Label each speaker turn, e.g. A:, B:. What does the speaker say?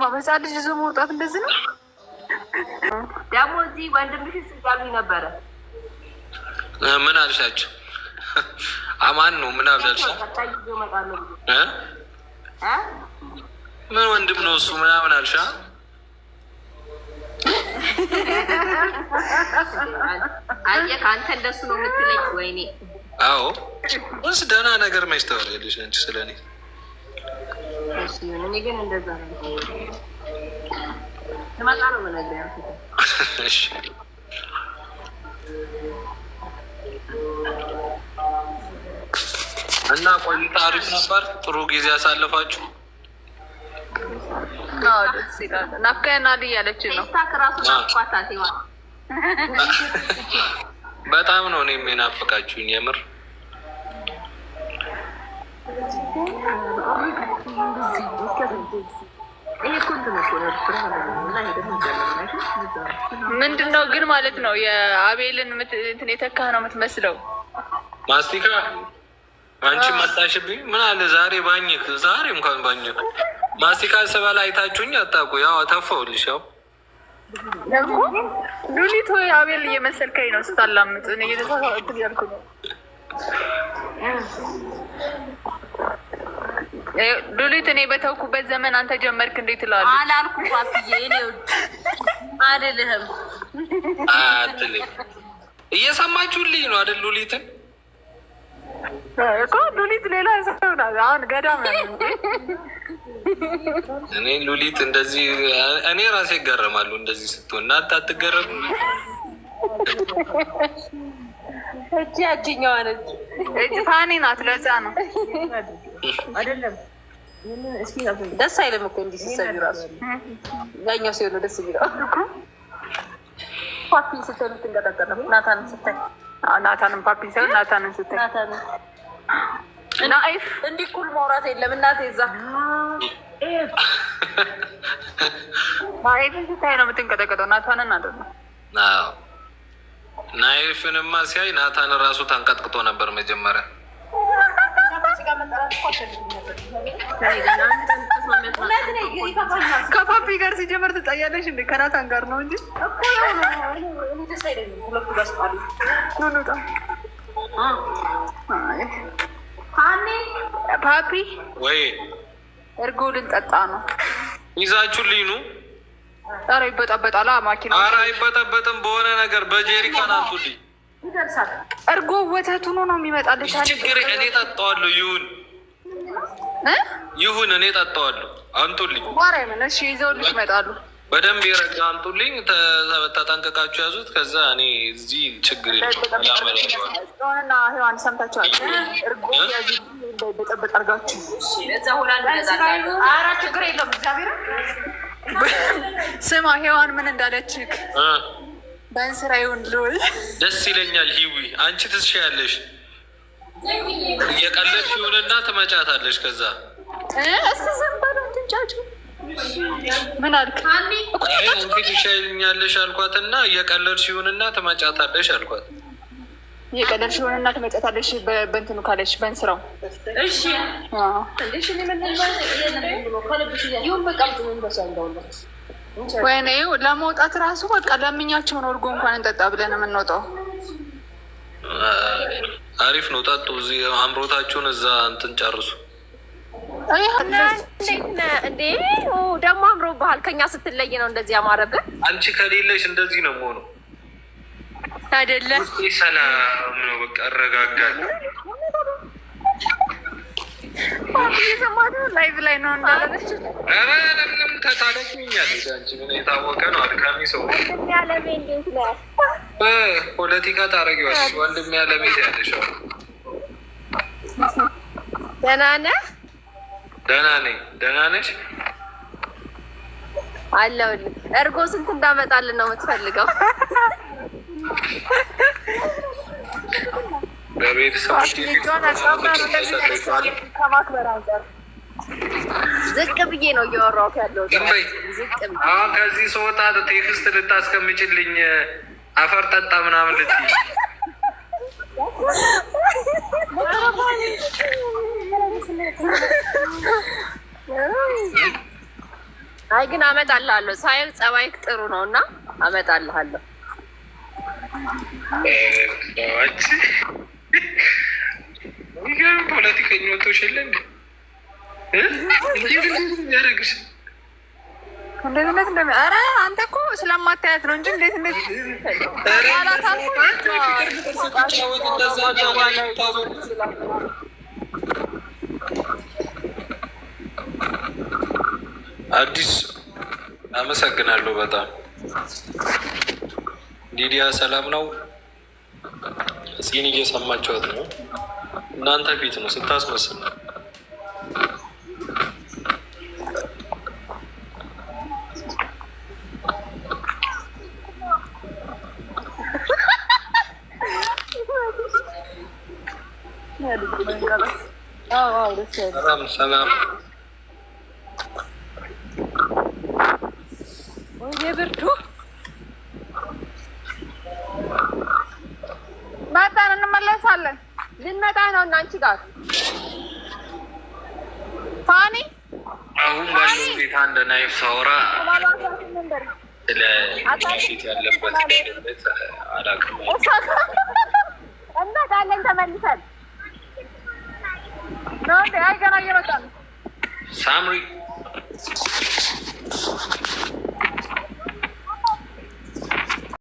A: በስመ አብ ልጅ ይዞ መውጣት እንደዚህ ነው። ደግሞ እዚህ ወንድምሽስ እያሉኝ ነበረ።
B: ምን አልሻቸው? አማን ነው ምን አልሻቸው? ምን ወንድም ነው እሱ ምናምን አልሻ
A: አየ ከአንተ እንደሱ ነው የምትለኝ። ወይኔ
B: አዎ፣ ደህና ነገር ማይስተዋል ያለሽ አንቺ ስለኔ እና ቆይታ አሪፍ ነበር። ጥሩ ጊዜ ያሳለፋችሁ
A: ናፍቀኸናል እያለች
B: በጣም ነው እኔም የናፈቃችሁኝ የምር
A: ምንድን ነው ግን ማለት ነው የአቤልን እንትን የተካህ ነው የምትመስለው።
B: ማስቲካ አንቺ መጣሽብኝ። ምን አለ ዛሬ ባኝክ፣ ዛሬ እንኳን ባኝክ። ማስቲካ ስበላ አይታችሁኝ አታውቁ። ያው ተፋውልሽ። ያው
A: ሉሊቶ ወይ አቤል እየመሰልከኝ ነው ስታላምጥ። እየተሳሳትኩ ያልኩ ነው ሉሊት እኔ በተውኩበት ዘመን አንተ ጀመርክ እንዴ ትላለህ። አላልኩም ባትዬ አይደለህም
B: አትልም። እየሰማችሁልኝ ነው አይደል? ሉሊትን
A: እኮ ሉሊት ሌላ ሰው ናት። አሁን ገዳም
B: እኔ ሉሊት እንደዚህ እኔ ራሴ እገረማለሁ እንደዚህ ስትሆን እናንተ አትገረሙ።
A: እቺ ያችኛዋ ነች። እቺ ፋኒ ናት። ለዛ ነው አይደለም። ደስ አይልም እኮ እንዲህ ሲሰሩ ራሱ ያኛው ሲሆን ደስ የሚለው ፓፒን ስትሆን ትንቀጠቀጠ። ናታን ስታይ ናታንም ፓፒን ሳይሆን ናታንን ስታይ ናይፍ እንዲህ ኩል ማውራት የለም እናቴ እዛ ናይፍን ስታይ ነው የምትንቀጠቀጠው። ናታንን አይደለም
B: ናይፍንማ ሲያይ ናታን ራሱ ታንቀጥቅጦ ነበር መጀመሪያ።
A: ከፓፒ ጋር ሲጀመር ትጠያለሽ እንዴ? ከናታን ጋር ነው እንጂ ፓፒ ወይ እርጎ ልንጠጣ ነው።
B: ይዛችሁ ልኝ
A: ኧረ ይበጠበጣል። ማኪና
B: ኧረ አይበጠበጥም። በሆነ ነገር በጀሪካን አልኩልኝ
A: ይደርሳል። እርጎ ወተቱ ነው ነው የሚመጣልሽ።
B: ችግር እኔ ጠጣዋለሁ። ይሁን ይሁን፣ እኔ ጠጣዋለሁ። አንጡልኝ።
A: ማርያምን እሺ፣ ይዘውልሽ ይመጣሉ።
B: በደንብ የረጋ አንጡልኝ። ተጠንቀቃችሁ ያዙት። ከዛ እኔ እዚህ ችግር የለውምና ሔዋን ሰምታችኋል። እርጎ ያዙ እንዳይበጠበጥ አድርጋችሁ።
A: ኧረ ችግር የለውም እግዚአብሔር ስማ ሔዋን ምን እንዳለች በእንስራ ይሁን ልል
B: ደስ ይለኛል። ሂዊ አንቺ ትስሻያለሽ፣ እየቀለች ይሁንና ትመጫታለች ከዛ
A: እስቲ ዝም በሉ ትንጫጩ። ምን አልክ?
B: እንግዲህ አልኳትና እየቀለልሽ ይሁንና ትመጫታለሽ አልኳት።
A: የቀደምሽ የሆነ እና ትመጫታለሽ በእንትኑ ካለሽ በእንስራው ወይኔ ለመውጣት ራሱ በቃ ለምኛቸውን እርጎ እንኳን እንጠጣ ብለን የምንወጣው
B: አሪፍ ነው። ጠጡ፣ እዚህ አምሮታችሁን እዛ እንትን ጨርሱ።
A: እንዴ ደግሞ አምሮ ባህል ከኛ ስትለይ ነው እንደዚህ ያማረብን።
B: አንቺ ከሌለሽ እንደዚህ ነው መሆኑ አይደለም ሰላም ነው። በቃ እረጋጋለሁ። ፖለቲካ ታረጊዋለሽ። ወንድም ያለቤት ያለሻው ደህና ነህ? ደህና ነኝ። ደህና ነሽ?
A: አለሁልህ። እርጎ ስንት እንዳመጣልን ነው የምትፈልገው? ዝቅ ብዬ ነው እያወራሁት ያለው።
B: አሁን ከዚህ ሰወጣ ቴክስት ልታስቀምጭልኝ አፈር ጠጣ ምናምን ልት
A: አይ ግን አመጣልሃለሁ። ሳይል ጸባይክ ጥሩ ነው እና አመጣልሃለሁ።
B: ባዋች ይገርም ፖለቲከኝ ወጥቶሽ የለ እንዴ? እንዴት
A: ያደረግሽ? ኧረ አንተ እኮ ስለማታያት ነው እንጂ እንዴት
B: አዲስ አመሰግናለሁ በጣም ሊዲያ ሰላም ነው። ጽን እየሰማችኋት ነው። እናንተ ፊት ነው ስታስመስል ነው። ሰላም ሰላም
A: የብርዱ እንመጣለን። ልንመጣ ነው እናንቺ ጋር ፋኒ
B: አሁን ባለ ሁኔታ እንደ ናይፍ ሳውራ ስለሽት ያለበት
A: ደህንነት አላውቅም። እንመጣለን ተመልሰን ነው። አይ ገና
B: ሳምሪ